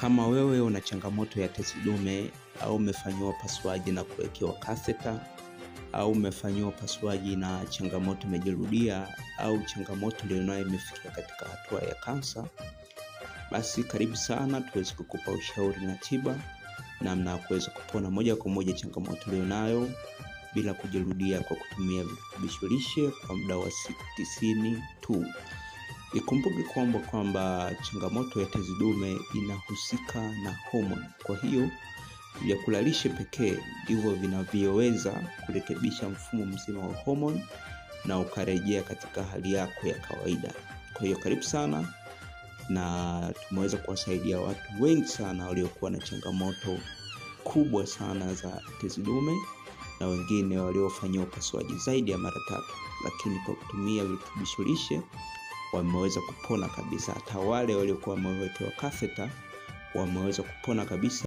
Kama wewe una changamoto ya tezi dume au umefanyiwa upasuaji na kuwekewa kaseta au umefanyiwa upasuaji na changamoto imejirudia au changamoto ndio nayo imefikia katika hatua ya kansa, basi karibu sana tuweze kukupa ushauri na tiba namna ya kuweza kupona moja kwa moja changamoto ulionayo bila kujirudia kwa kutumia virutubisho lishe kwa muda wa siku tisini tu. Ikumbuke kwamba kwamba changamoto ya tezi dume inahusika na homoni. Kwa hiyo vyakula lishe pekee ndivyo vinavyoweza kurekebisha mfumo mzima wa homoni na ukarejea katika hali yako ya kawaida. Kwa hiyo karibu sana, na tumeweza kuwasaidia watu wengi sana waliokuwa na changamoto kubwa sana za tezi dume na wengine waliofanyiwa upasuaji zaidi ya mara tatu, lakini kwa kutumia virutubisho lishe wameweza kupona kabisa, hata wale waliokuwa wamewekewa katheta wameweza kupona kabisa.